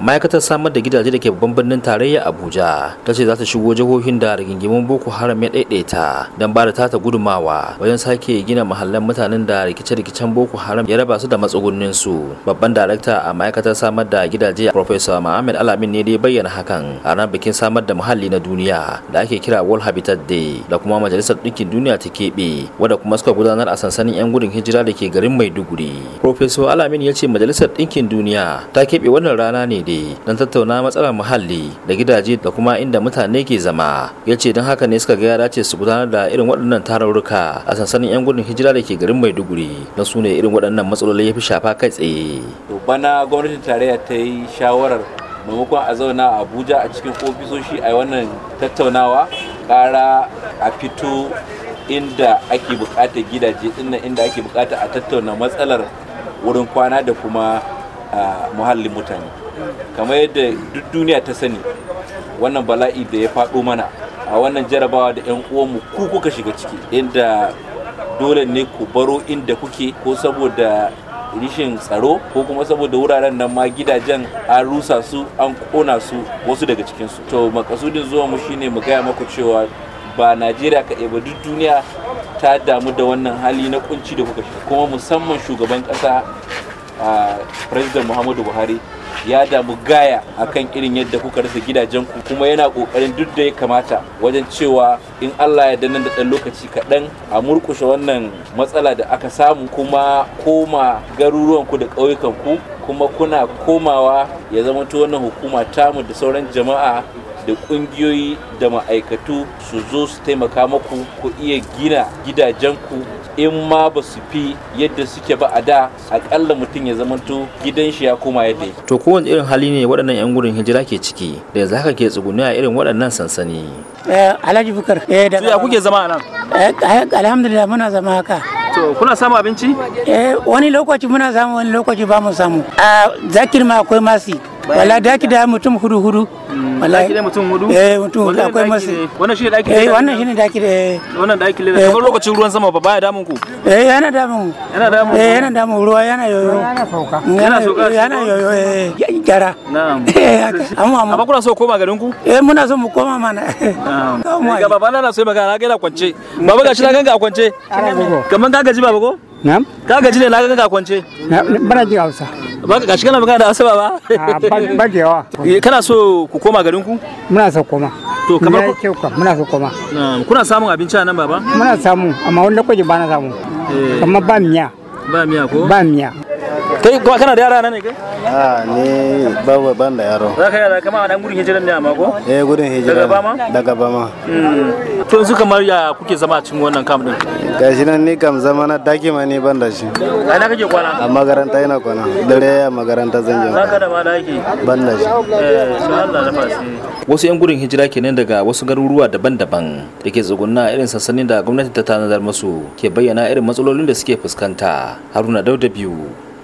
ma'aikatar samar da gidaje da ke babban birnin tarayya abuja ta ce za ta shigo jihohin da rigingimin boko haram ya daidaita don ba da tata gudumawa wajen sake gina mahallan mutanen da rikice-rikicen boko haram ya raba su da matsugunnin su babban darakta a ma'aikatar samar da gidaje professor muhammad alamin ne dai bayyana hakan a ranar bikin samar da muhalli na duniya da ake kira world habitat day da kuma majalisar dukkin duniya ta keɓe wadda kuma suka gudanar a sansanin 'yan gudun hijira da ke garin maiduguri professor alamin ya ce majalisar ɗinkin duniya ta keɓe wannan rana ne kuɗaɗe don tattauna matsalar muhalli da gidaje da kuma inda mutane ke zama ya ce don haka ne suka ga yara ce su gudanar da irin waɗannan tarurruka a sansanin 'yan gudun hijira da ke garin maiduguri don su ne irin waɗannan matsaloli ya fi shafa kai tsaye. bana gwamnatin tarayya ta yi shawarar maimakon a zauna a abuja a cikin ofisoshi a wannan tattaunawa ƙara a fito inda ake bukatar gidaje dinnan inda ake bukata a tattauna matsalar wurin kwana da kuma a muhallin mutane kamar yadda duk duniya ta sani wannan bala'i da ya faɗo mana a wannan jarabawa da 'yan uwanmu ku kuka shiga ciki inda dole ne ku baro inda kuke ko saboda rishin tsaro ko kuma saboda wuraren nan ma gidajen an rusa su an kona su wasu daga cikinsu to makasudin zuwa mu shine mu gaya maku cewa ba najeriya kaɗai ba duk duniya ta damu da wannan hali na kunci da kuka shiga kuma musamman shugaban kasa. president muhammadu buhari ya damu gaya akan irin yadda kuka rasa gidajenku kuma yana kokarin duk da ya kamata wajen cewa in allah ya danna da ɗan lokaci kaɗan a murkushe wannan matsala da aka samu kuma koma garuruwanku da ƙauyukanku kuma kuna komawa ya zama wannan hukuma tamu da sauran jama'a da ƙungiyoyi da ma'aikatu su zo su taimaka maku ku iya gina gidajenku in ma ba su fi yadda suke ba a da akalla mutum ya zamanto gidan shi ya koma yadda to kowane irin hali ne waɗannan yan gudun hijira ke ciki da za ka ke tsuguni a irin waɗannan sansani eh, alhaji bukar eh da ya kuke zama a nan eh, eh, alhamdulillah muna zama haka to kuna samu abinci eh wani lokaci muna samu wani lokaci ba mu samu a zakir ma akwai masi wala daki da mutum hudu hudu hmm, wala daki da mutum hudu eh mutum hudu akwai masu wannan shi daki eh wannan shi daki da wannan daki da eh. kamar lokacin ruwan sama ba baya damun ku eh yana damun yana damun eh yana damun ruwa yana yoyo yana sauka yana yana yoyo eh gyara na'am eh, amma amma kuna so koma garin ku eh muna so mu koma mana na'am ga baba na so magana ga da kwance baba shi na ganga a kwance kaman ka gaji baba ko Na'am. Ka gaji ne na ga ka kwance. Bana jin Hausa. Ba ka kana magana da Hausa ba ba? Ah, ba da yawa. Eh, kana so ku koma garin ku? Muna so koma. To kamar ku muna so koma. Kuna samun abinci a nan baba? Muna samu amma wanda kwaje ba na samu. Eh. Amma ba miya. Ba miya ko? Ba miya. kai kuma kana da yara nan ne kai a ni ba ban da yaro za ka yara kama a nan gudun hijiran ne amma ko eh gudun hijira daga bama daga bama hmm. to yanzu kamar ya kuke zama a cikin wannan kam din gashi nan ni kam zama na daki ma ne ban da shi a ina kake kwana a makaranta ina kwana dare a makaranta zan je ka da ma daki ban da shi eh Allah fasi wasu 'yan gudun hijira kenan daga wasu garuruwa daban-daban da ke tsugunna irin sansanin da gwamnati ta tanadar musu ke bayyana irin matsalolin da suke fuskanta haruna dauda biyu